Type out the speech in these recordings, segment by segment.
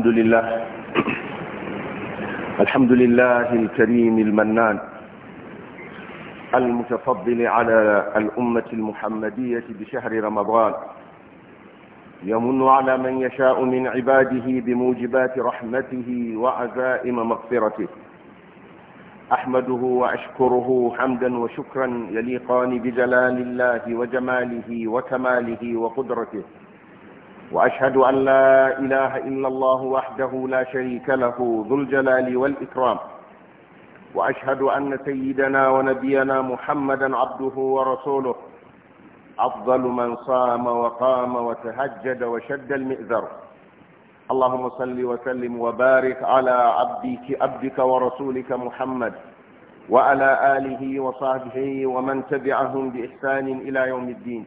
الحمد لله الحمد لله الكريم المنان المتفضل على الأمة المحمدية بشهر رمضان يمن على من يشاء من عباده بموجبات رحمته وعزائم مغفرته أحمده وأشكره حمدا وشكرا يليقان بجلال الله وجماله وكماله وقدرته وأشهد أن لا إله إلا الله وحده لا شريك له ذو الجلال والإكرام وأشهد أن سيدنا ونبينا محمدا عبده ورسوله أفضل من صام وقام وتهجد وشد المئذر اللهم صل وسلم وبارك على عبدك, عبدك ورسولك محمد وعلى آله وصحبه ومن تبعهم بإحسان إلى يوم الدين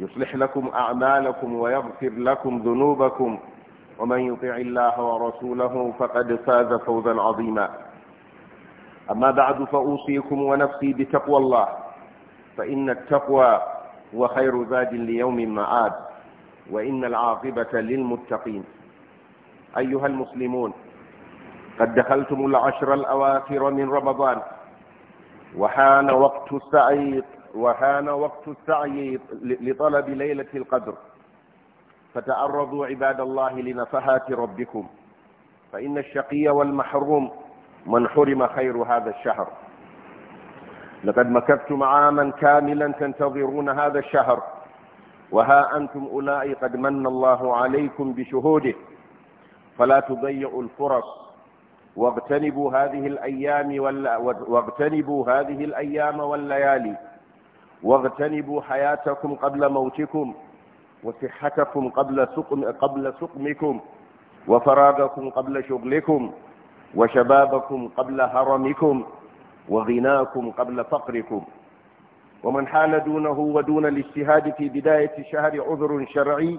يصلح لكم أعمالكم ويغفر لكم ذنوبكم ومن يطع الله ورسوله فقد فاز فوزا عظيما أما بعد فأوصيكم ونفسي بتقوى الله فإن التقوى هو خير زاد ليوم معاد وإن العاقبة للمتقين أيها المسلمون قد دخلتم العشر الأواخر من رمضان وحان وقت السعي وحان وقت السعي لطلب ليلة القدر فتعرضوا عباد الله لنفحات ربكم فإن الشقي والمحروم من حرم خير هذا الشهر لقد مكثتم عاما كاملا تنتظرون هذا الشهر وها أنتم أولئك قد من الله عليكم بشهوده فلا تضيعوا الفرص واغتنبوا هذه الأيام واغتنبوا هذه الأيام والليالي واغتنبوا حياتكم قبل موتكم وصحتكم قبل سقم قبل سقمكم وفراغكم قبل شغلكم وشبابكم قبل هرمكم وغناكم قبل فقركم ومن حال دونه ودون الاجتهاد في بداية الشهر عذر شرعي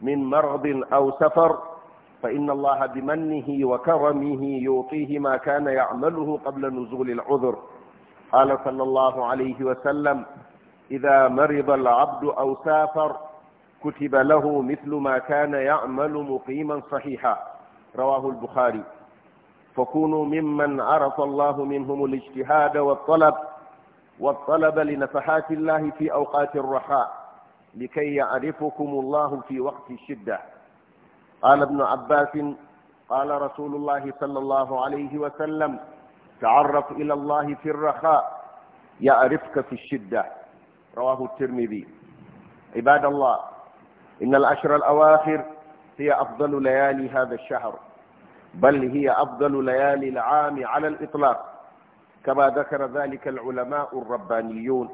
من مرض أو سفر فإن الله بمنه وكرمه يعطيه ما كان يعمله قبل نزول العذر قال صلى الله عليه وسلم إذا مرض العبد أو سافر كتب له مثل ما كان يعمل مقيما صحيحا رواه البخاري فكونوا ممن عرف الله منهم الاجتهاد والطلب والطلب لنفحات الله في أوقات الرخاء لكي يعرفكم الله في وقت الشدة قال ابن عباس قال رسول الله صلى الله عليه وسلم تعرف إلى الله في الرخاء يعرفك في الشدة رواه الترمذي عباد الله إن الأشر الأواخر هي أفضل ليالي هذا الشهر بل هي أفضل ليالي العام على الإطلاق كما ذكر ذلك العلماء الربانيون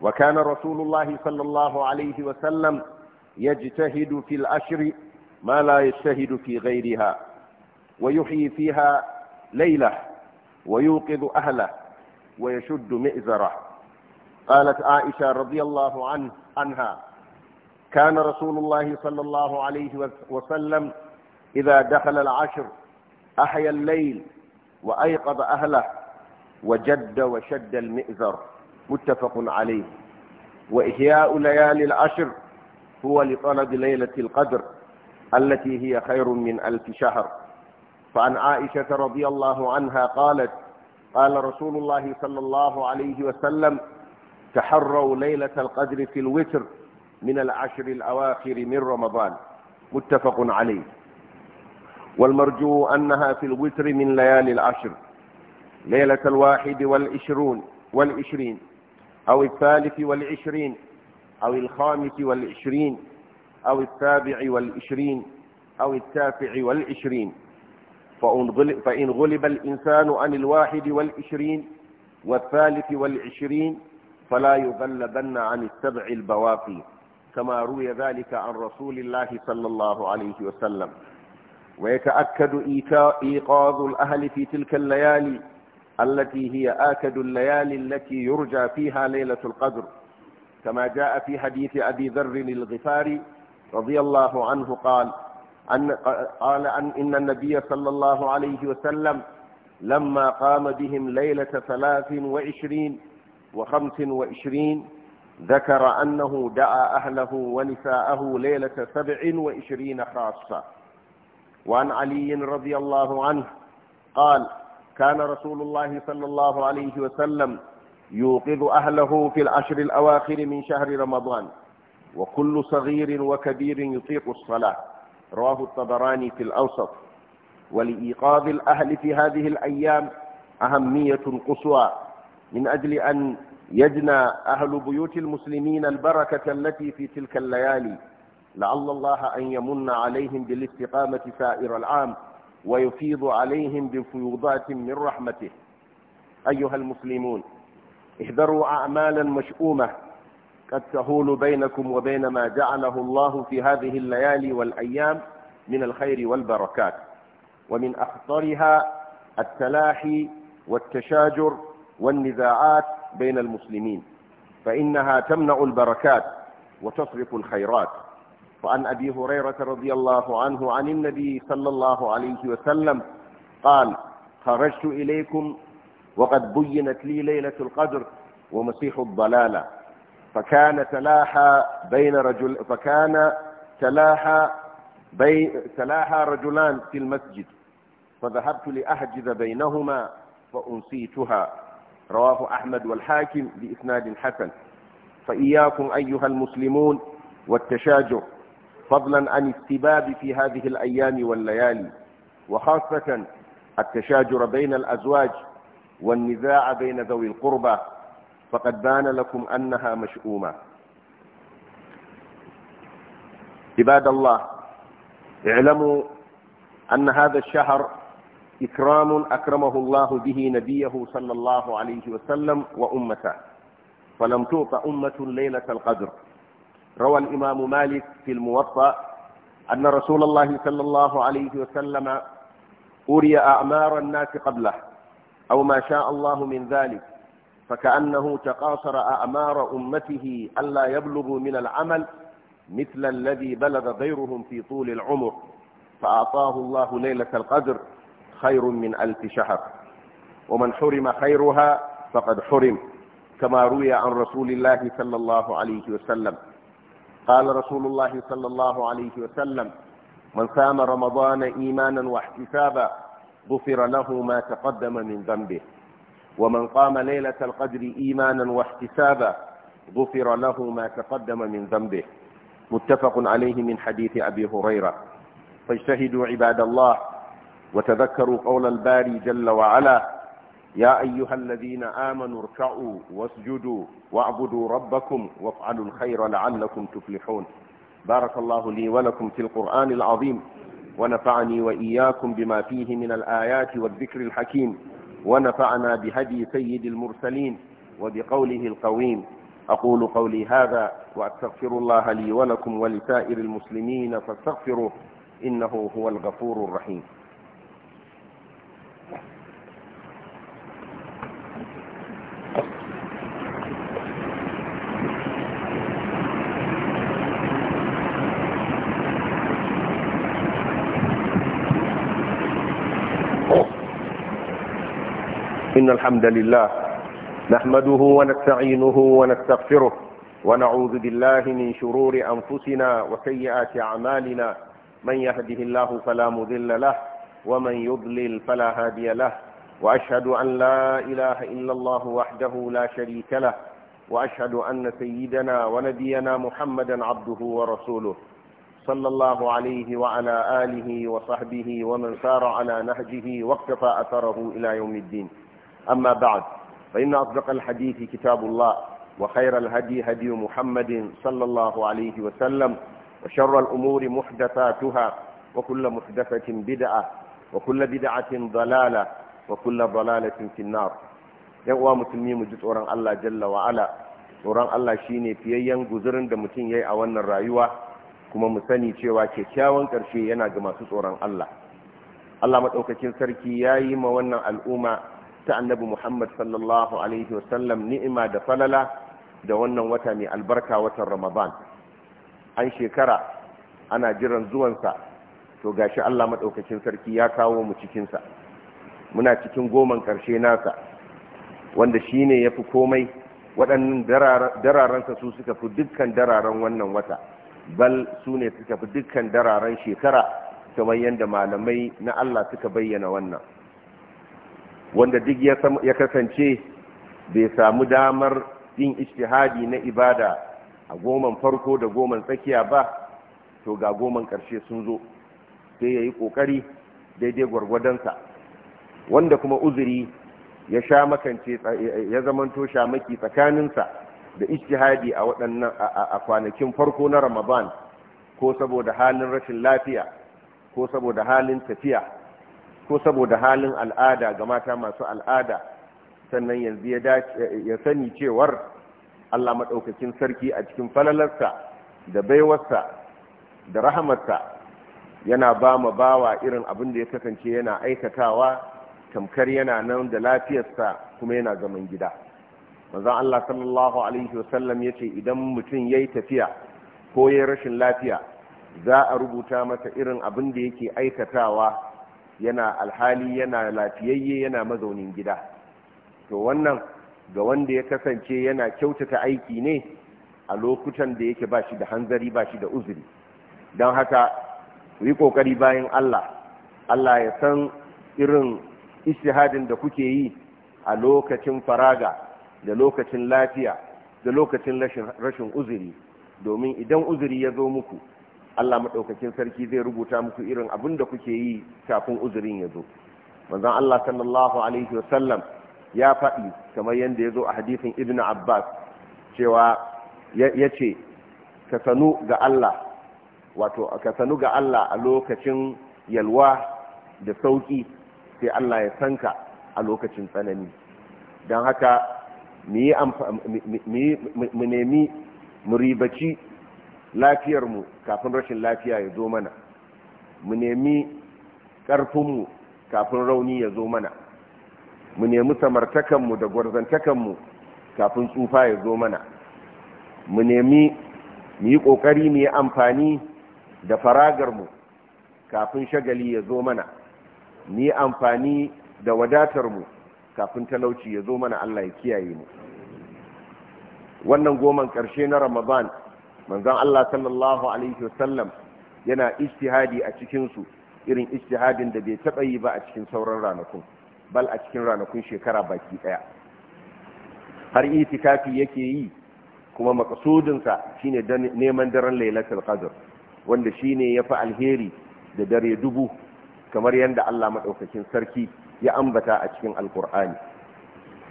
وكان رسول الله صلى الله عليه وسلم يجتهد في الأشر ما لا يجتهد في غيرها ويحيي فيها ليلة ويوقظ أهله ويشد مئزره قالت عائشة رضي الله عنه عنها كان رسول الله صلى الله عليه وسلم إذا دخل العشر أحيا الليل وأيقظ أهله وجد وشد المئزر متفق عليه وإحياء ليالي العشر هو لطلب ليلة القدر التي هي خير من ألف شهر فعن عائشة رضي الله عنها قالت قال رسول الله صلى الله عليه وسلم تحروا ليلة القدر في الوتر من العشر الأواخر من رمضان متفق عليه والمرجو أنها في الوتر من ليالي العشر ليلة الواحد والعشرون والعشرين أو الثالث والعشرين أو الخامس والعشرين أو السابع والعشرين أو التاسع والعشرين فإن غلب الإنسان عن الواحد والعشرين والثالث والعشرين فلا يغلبن عن السبع البواقي كما روي ذلك عن رسول الله صلى الله عليه وسلم ويتأكد إيقاظ الأهل في تلك الليالي التي هي آكد الليالي التي يرجى فيها ليلة القدر كما جاء في حديث أبي ذر الغفاري رضي الله عنه قال أن قال أن إن النبي صلى الله عليه وسلم لما قام بهم ليلة ثلاث وعشرين وخمس وعشرين ذكر أنه دعا أهله ونساءه ليلة سبع وعشرين خاصة وعن علي رضي الله عنه قال كان رسول الله صلى الله عليه وسلم يوقظ أهله في العشر الأواخر من شهر رمضان وكل صغير وكبير يطيق الصلاة رواه الطبراني في الأوسط ولإيقاظ الأهل في هذه الأيام أهمية قصوى من أجل أن يجنى أهل بيوت المسلمين البركة التي في تلك الليالي لعل الله أن يمن عليهم بالاستقامة سائر العام ويفيض عليهم بفيوضات من رحمته أيها المسلمون احذروا أعمالا مشؤومة قد تهول بينكم وبين ما جعله الله في هذه الليالي والأيام من الخير والبركات ومن أخطرها التلاحي والتشاجر والنزاعات بين المسلمين فإنها تمنع البركات وتصرف الخيرات وعن أبي هريرة رضي الله عنه عن النبي صلى الله عليه وسلم قال خرجت إليكم وقد بينت لي ليلة القدر ومسيح الضلالة فكان تلاحى بين رجل فكان تلاحى بين تلاحى رجلان في المسجد فذهبت لأحجز بينهما فأنسيتها رواه أحمد والحاكم بإسناد حسن فإياكم أيها المسلمون والتشاجر فضلا عن السباب في هذه الأيام والليالي وخاصة التشاجر بين الأزواج والنزاع بين ذوي القربى فقد بان لكم أنها مشؤومة عباد الله اعلموا أن هذا الشهر إكرام أكرمه الله به نبيه صلى الله عليه وسلم وأمته فلم تعط أمة ليلة القدر روى الإمام مالك في الموطأ أن رسول الله صلى الله عليه وسلم أري أعمار الناس قبله أو ما شاء الله من ذلك فكأنه تقاصر أعمار أمته ألا يبلغوا من العمل مثل الذي بلغ غيرهم في طول العمر فأعطاه الله ليلة القدر خير من ألف شهر ومن حرم خيرها فقد حرم كما روي عن رسول الله صلى الله عليه وسلم قال رسول الله صلى الله عليه وسلم من صام رمضان إيمانا واحتسابا غفر له ما تقدم من ذنبه ومن قام ليلة القدر إيمانا واحتسابا غفر له ما تقدم من ذنبه متفق عليه من حديث أبي هريرة فاجتهدوا عباد الله وتذكروا قول الباري جل وعلا يا أيها الذين آمنوا اركعوا واسجدوا واعبدوا ربكم وافعلوا الخير لعلكم تفلحون بارك الله لي ولكم في القرآن العظيم ونفعني وإياكم بما فيه من الآيات والذكر الحكيم ونفعنا بهدي سيد المرسلين وبقوله القويم أقول قولي هذا وأستغفر الله لي ولكم ولسائر المسلمين فاستغفروه إنه هو الغفور الرحيم إن الحمد لله نحمده ونستعينه ونستغفره ونعوذ بالله من شرور أنفسنا وسيئات أعمالنا من يهده الله فلا مذل له ومن يضلل فلا هادي له وأشهد أن لا إله إلا الله وحده لا شريك له وأشهد أن سيدنا ونبينا محمدا عبده ورسوله صلى الله عليه وعلى آله وصحبه ومن سار على نهجه واقتفى أثره إلى يوم الدين أما بعد فإن أصدق الحديث كتاب الله وخير الهدي هدي محمد صلى الله عليه وسلم وشر الأمور محدثاتها وكل محدثة بدعة وكل بدعة ضلالة وكل ضلالة في النار يقوى متمي مجد أوران الله جل وعلا أوران الله شيني في أيام غزرن دمتين يأي أوان الرأيوة كما مساني شوى كتاوان كرشي ينا جماسوس karshe الله الله masu tsoron Allah Allah madaukakin sarki yayi ma wannan al'umma ta annabi Muhammad sallallahu alaihi wasallam ni'ima da falala da wannan wata mai albarka watan Ramadan an shekara ana jiran zuwansa to gashi Allah madaukakin sarki ya kawo mu cikinsa. muna cikin goman karshe nasa wanda shine yafi komai waɗannan dararansa su suka fi dukkan dararan wannan wata bal su ne suka fi dukkan dararan shekara kamar yadda malamai na Allah suka bayyana wannan wanda duk ya kasance bai samu damar yin ishtihadi na ibada a goman farko da goman tsakiya ba to ga goman karshe sun zo sai ya yi kokari daidai gwargwadonsa wanda kuma uzuri ya sha makance ya zamanto shamaki tsakaninsa da ijtihadi a waɗannan a kwanakin farko na ramadan ko saboda halin rashin lafiya ko saboda halin tafiya ko saboda halin al'ada ga mata masu al'ada sannan yanzu ya sani cewar Allah maɗaukakin sarki a cikin falalarsa da baiwarsa da rahamarsa yana ba ma bawa irin abin da ya kasance yana aikatawa tamkar yana nan da lafiyarsa kuma yana zaman gida manzon Allah sallallahu alaihi wasallam yace idan mutum yayi tafiya ko yayi rashin lafiya za a rubuta masa irin abin da yake aikatawa yana alhali yana lafiyayye yana mazaunin gida to wannan ga wanda ya kasance yana kyautata aiki ne a lokutan da yake ba shi da hanzari ba shi da uzuri don haka ku yi kokari bayan Allah Allah ya san irin istihadin da kuke yi a lokacin faraga da lokacin lafiya da lokacin rashin uzuri domin idan uzuri ya zo muku Allah maɗaukakin sarki zai rubuta muku irin abin da kuke yi kafin uzurin ya zo manzon Allah sallallahu alaihi wasallam ya faɗi kamar yadda ya zo a hadisin ibn abbas cewa ya ce ka sanu ga Allah wato ka sanu ga Allah a lokacin yalwa da sauƙi sai Allah ya sanka a lokacin tsanani don haka mu nemi mu ribaci Lafiyar mu kafin rashin lafiya ya zo mana mu nemi ƙarfinmu kafin rauni ya zo mana mu nemi samartakanmu da gwarzantakanmu kafin tsufa ya zo mana mu nemi mu yi ƙoƙari mu yi amfani da faragarmu kafin shagali ya zo mana mu yi amfani da wadatar mu kafin talauci ya zo mana Allah ya kiyaye mu wannan goman ƙarshe na ramadan manzon Allah sallallahu alaihi wasallam yana ijtihadi a cikin su irin ijtihadin da bai taba yi ba a cikin sauran ranakun bal a cikin ranakun shekara baki daya har itikafi yake yi kuma maqsudinsa shine neman daren lailatul qadr wanda shine yafi alheri da dare dubu kamar yadda Allah madaukakin sarki ya ambata a cikin alqur'ani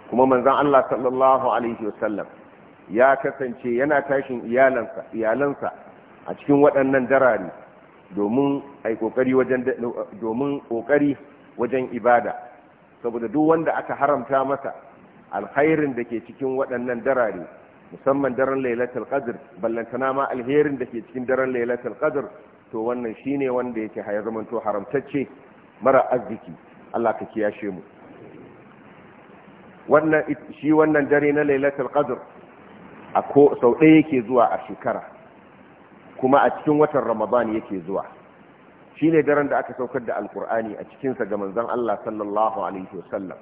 kuma manzon Allah sallallahu alaihi wasallam ya kasance yana tashin iyalansa iyalansa a cikin waɗannan darari domin ai kokari wajen domin kokari wajen ibada saboda duk wanda aka haramta masa alkhairin da ke cikin waɗannan darari musamman daren lailatul qadr ballantana ma alherin da ke cikin daren lailatul qadr to wannan shine wanda yake zaman to haramtacce mara arziki Allah ka kiyashe mu wannan shi wannan dare na lailatul qadr a ko sau ɗaya yake zuwa a shekara kuma a cikin watan ramadan yake zuwa shi ne daren da aka saukar da alkur'ani a cikinsa ga manzan allah sallallahu alaihi wasallam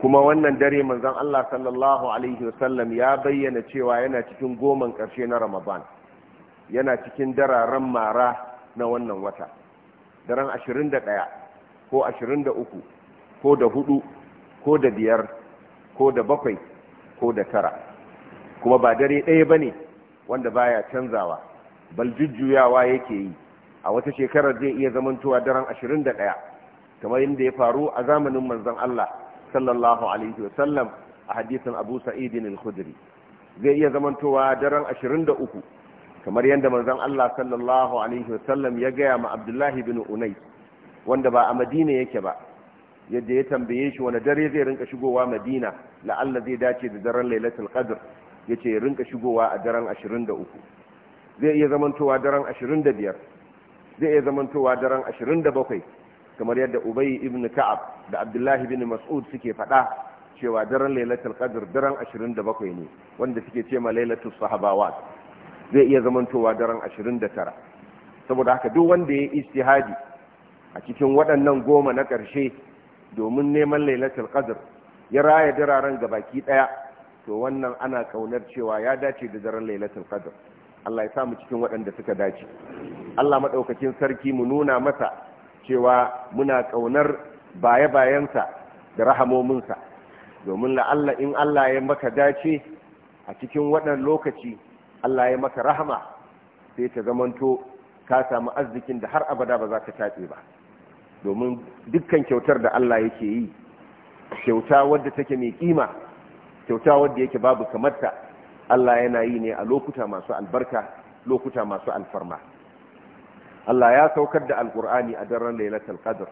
kuma wannan dare manzan allah sallallahu alaihi wasallam ya bayyana cewa yana cikin goman ƙarshe na ramadan yana cikin dararen mara na wannan wata daren ashirin da ɗaya ko ashirin da uku ko da hudu ko da biyar ko da bakwai ko da tara. kuma ba dare ɗaya ba ne wanda ba ya canzawa baljujjuyawa jujjuyawa yake yi a wata shekarar zai iya zamantowa daren 21 kamar yadda ya faru a zamanin Manzan Allah sallallahu alaihi wasallam a hadisin Abu sa'idin al-Khudri zai iya zamantowa daren 23 kamar yadda Manzan Allah sallallahu alaihi wasallam ya gaya ma Abdullahi bin Unai, wanda ba a Madina yake ba yadda ya tambaye shi wani dare zai rinka shigowa Madina la'alla zai dace da daren Lailatul Qadr ya ce rinka shigowa a daren 23 zai iya zamantowa daren 25 zai iya zamantowa daren 27 kamar yadda ubay ibn ka'ab da abdullahi ibn mas'ud suke fada cewa daren lailatul qadr daren 27 ne wanda suke ce ma lailatul sahabawa zai iya zamantowa daren 29 saboda haka duk wanda ya istihadi a cikin waɗannan goma na ƙarshe domin neman lailatul qadr ya raya diraren gabaki ɗaya to wannan ana kaunar cewa ya dace da daren lailatul qadr Allah ya sa mu cikin waɗanda suka dace Allah madaukakin sarki mu nuna masa cewa muna kaunar baye bayansa da rahamomin sa. domin la'alla in Allah ya maka dace a cikin waɗannan lokaci Allah ya maka rahama sai ta zamanto ka samu arzikin da har abada ba za ka tace ba domin dukkan kyautar da Allah yake yi kyauta wadda take mai kima kyauta wadda yake babu kamarta Allah yana yi ne a lokuta masu albarka lokuta masu alfarma Allah ya saukar da alkur'ani a daren lailatul qadr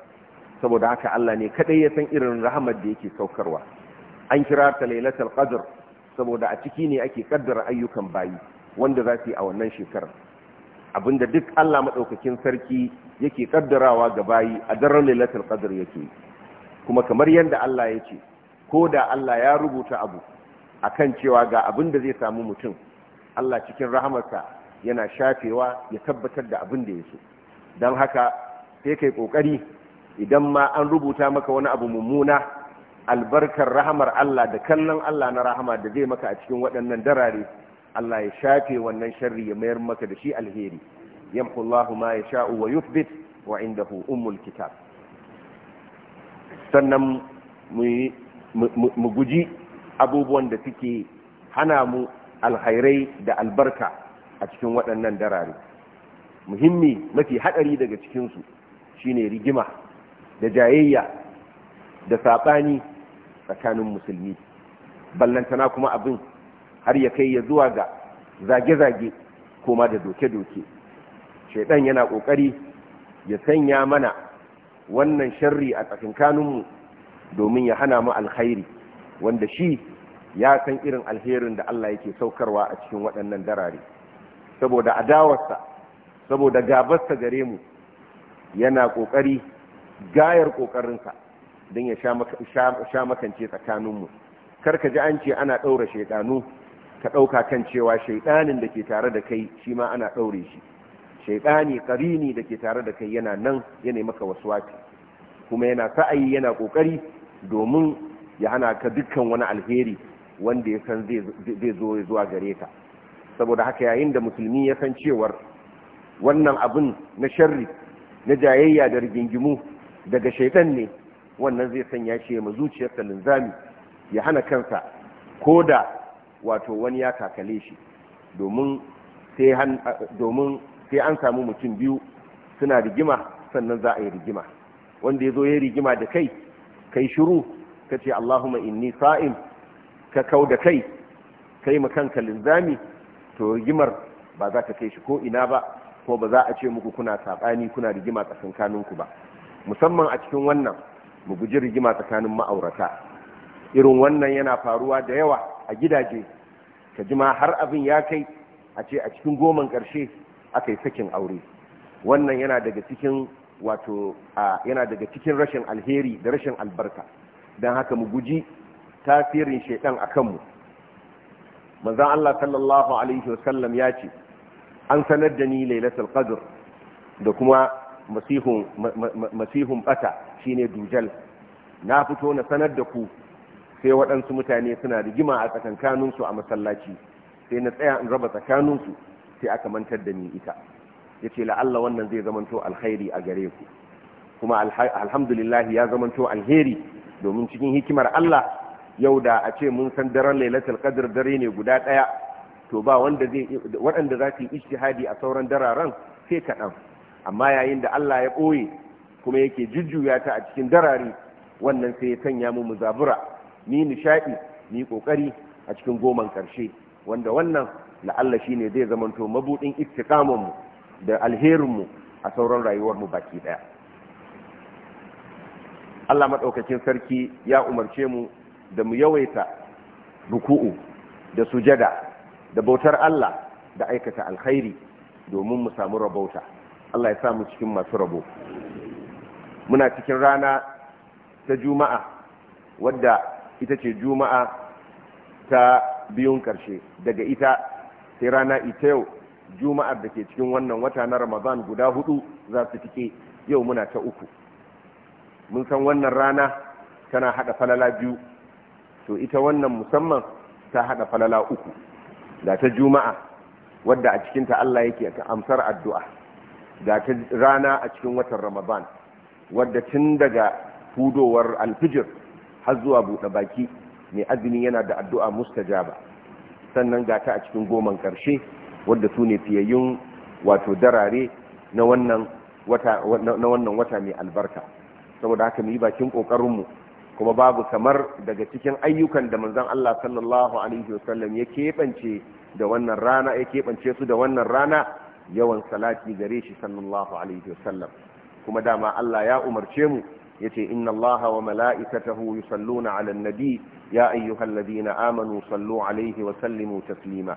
saboda haka Allah ne kadai ya san irin rahamar da yake saukarwa an kira ta lailatul qadr saboda a ciki ne ake kaddara ayyukan bayi wanda za su yi a wannan shekarar abinda duk Allah madaukakin sarki yake kaddarawa ga bayi a daren lailatul qadr yake kuma kamar yadda Allah ya ce ko da Allah ya rubuta abu kan cewa ga abin da zai samu mutum Allah cikin rahamarsa yana shafewa ya tabbatar da abin da ya so don haka sai kai kokari idan ma an rubuta maka wani abu mummuna albarkar rahamar Allah da kallon Allah na rahama da zai maka a cikin waɗannan darare Allah ya shafe wannan sharri ya mayar maka da shi alheri yamhu Allah ma yasha'u wa yuthbit wa indahu ummul kitab sannan mu yi mu guji abubuwan da suke hana mu alhairai da albarka a cikin waɗannan darare muhimmi mafi haɗari daga cikinsu shine rigima da jayayya da saɓani tsakanin musulmi ballantana kuma abin har ya kai ya zuwa ga zage-zage koma da doke-doke shaidan yana ƙoƙari ya sanya mana wannan sharri a tsakankaninmu domin ya hana mu alkhairi wanda shi ya san irin alherin da Allah yake saukarwa a cikin waɗannan darare saboda adawarsa saboda gabarsa gare mu yana ƙoƙari gayar ƙoƙarinsa don ya sha makance tsakaninmu ka ji an ce ana ɗaura shaiɗanu ka ɗauka kan cewa shaiɗanin da ke tare da kai shi ma ana ɗaure shi shaiɗani ƙarini da ke tare da kai yana nan yana maka wasu wafi. kuma yana sa'ayi yana ƙoƙari domin ya hana ka dukkan wani alheri wanda ya san zai zo zuwa gare ka saboda haka yayin da musulmi ya san cewar wannan abin na sharri na jayayya da rigingimu daga shaidan ne wannan zai sanya shi ma zuciyarsa linzami ya hana kansa ko da wato wani ya kakale shi domin sai an samu mutum biyu suna rigima sannan za a yi rigima wanda ya zo ya rigima da kai kai shiru ka ce Allahumma inni sa'im ka kau da kai kai kanka linzami to rigimar ba za ka kai shi ko ina ba ko ba za a ce muku kuna saɓani kuna rigima tsakaninku ba musamman a cikin wannan mu guji rigima tsakanin ma'aurata irin wannan yana faruwa da yawa a gidaje ka ji har abin ya kai a ce a cikin goman ƙarshe aka yi sakin aure wannan yana daga cikin wato yana daga cikin rashin alheri da rashin albarka don haka mu guji tasirin shaidan a kanmu manzan Allah sallallahu Alaihi wasallam ya ce an sanar da ni lailatul qadr da kuma masihun bata shine dujal na fito na sanar da ku sai waɗansu mutane suna rigima a tsakankaninsu a masallaci sai na tsaya in raba tsakaninsu sai aka mantar da ni ita yace la'alla wannan zai zamanto alkhairi a gare ku kuma alhamdulillahi ya zamanto alheri domin cikin hikimar Allah yau da a ce mun san daren lailatul qadr dare ne guda ɗaya to ba waɗanda za su yi ijtihadi a sauran dararen sai kaɗan amma yayin da Allah ya ɓoye kuma yake jujjuya ta a cikin darari wannan sai ya sanya mu muzabura ni nishaɗi ni ƙoƙari a cikin goman ƙarshe wanda wannan la'alla shine zai zamanto mabuɗin istiqamanmu mu da alherinmu a sauran rayuwarmu baki daya Allah maɗaukakin sarki ya umarce mu da mu yawaita ruku'u da sujada da bautar Allah da aikata alkhairi domin mu samu rabauta Allah ya mu cikin masu rabo muna cikin rana ta juma'a wadda ita ce juma'a ta biyun karshe daga ita sai rana ita yau juma'ar da ke cikin wannan wata na ramadan guda hudu za su fike yau muna ta uku mun san wannan rana tana hada falala biyu to ita wannan musamman ta hada falala uku da ta juma'a wadda a cikinta allah yake amsar addu'a da ta rana a cikin watan ramadan wadda tun daga hudowar alfijir har zuwa buɗe baki mai azumi yana da addu'a mustajaba sannan ga ta a cikin goman ƙarshe wanda su ne fiyayyun wato darare na wannan wata mai albarka saboda haka mu yi bakin ƙoƙarinmu kuma babu kamar daga cikin ayyukan da manzon Allah sallallahu alaihi wasallam ya keɓance da wannan rana ya keɓance su da wannan rana yawan salati gare shi sallallahu alaihi wasallam kuma dama Allah ya umarce mu yace inna allah wa mala'ikatahu yusalluna 'alan nabi ya ladina amanu sallu 'alaihi wa sallimu taslima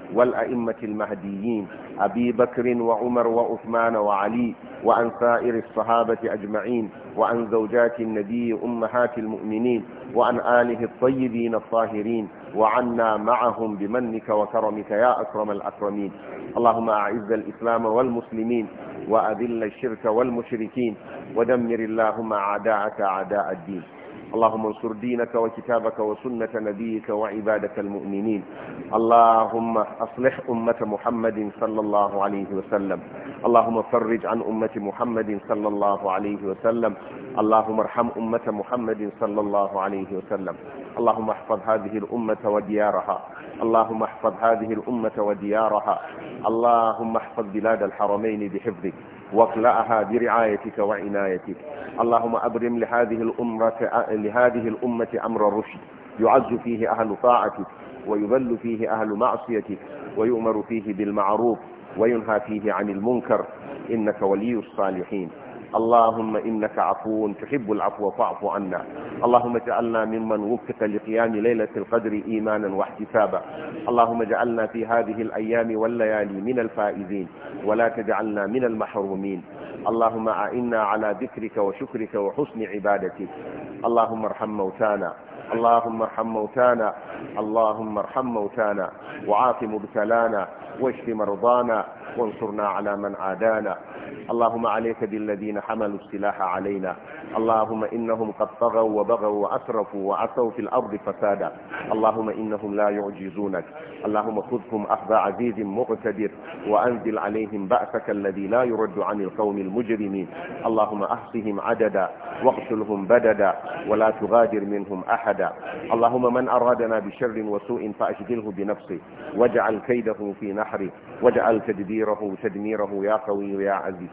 والأئمة المهديين أبي بكر وعمر وعثمان وعلي وعن سائر الصحابة أجمعين وعن زوجات النبي أمهات المؤمنين وعن آله الطيبين الطاهرين وعنا معهم بمنك وكرمك يا أكرم الأكرمين اللهم أعز الإسلام والمسلمين وأذل الشرك والمشركين ودمر اللهم أعداءك أعداء الدين اللهم انصر دينك وكتابك وسنة نبيك وعبادك المؤمنين اللهم أصلح أمة محمد صلى الله عليه وسلم اللهم فرج عن أمة محمد صلى الله عليه وسلم اللهم ارحم أمة محمد صلى الله عليه وسلم اللهم احفظ هذه الأمة وديارها اللهم احفظ هذه الأمة وديارها اللهم احفظ بلاد الحرمين بحفظك واقلعها برعايتك وعنايتك اللهم أبرم لهذه الأمة, لهذه الأمة أمر الرشد يعز فيه أهل طاعتك ويذل فيه أهل معصيتك ويؤمر فيه بالمعروف وينهى فيه عن المنكر إنك ولي الصالحين اللهم إنك عفو تحب العفو فاعف عنا اللهم اجعلنا ممن وفق لقيام ليلة القدر إيمانا واحتسابا اللهم اجعلنا في هذه الأيام والليالي من الفائزين ولا تجعلنا من المحرومين اللهم أعنا على ذكرك وشكرك وحسن عبادتك اللهم ارحم موتانا اللهم ارحم موتانا اللهم ارحم موتانا وعاف مبتلانا واشف مرضانا وانصرنا على من عادانا اللهم عليك بالذين حملوا السلاح علينا اللهم إنهم قد طغوا وبغوا وأسرفوا وعصوا في الأرض فسادا اللهم إنهم لا يعجزونك اللهم خذهم أخذ عزيز مقتدر وأنزل عليهم بأسك الذي لا يرد عن القوم المجرمين اللهم أحصهم عددا واقتلهم بددا ولا تغادر منهم أحدا اللهم من أرادنا بشر وسوء فأشغله بنفسه واجعل كيده في نحره واجعل تدبيره تدميره يا قوي يا عزيز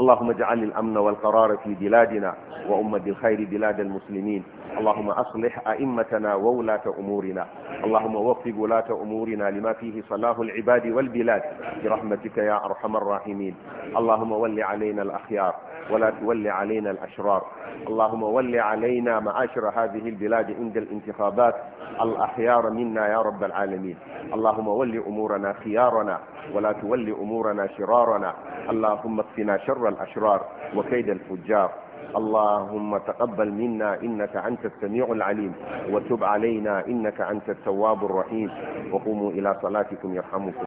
اللهم اجعل الأمن والقرار في بلادنا وأمة الخير بلاد المسلمين اللهم أصلح أئمتنا وولاة أمورنا اللهم وفق ولاة أمورنا لما فيه صلاح العباد والبلاد برحمتك يا أرحم الراحمين اللهم ول علينا الأخيار ولا تولي علينا الأشرار اللهم ول علينا معاشر هذه البلاد عند الانتخابات الأحيار منا يا رب العالمين اللهم ول أمورنا خيارنا ولا تول أمورنا شرارنا اللهم اكفنا شر الأشرار وكيد الفجار اللهم تقبل منا إنك أنت السميع العليم وتب علينا إنك أنت التواب الرحيم وقوموا إلى صلاتكم يرحمكم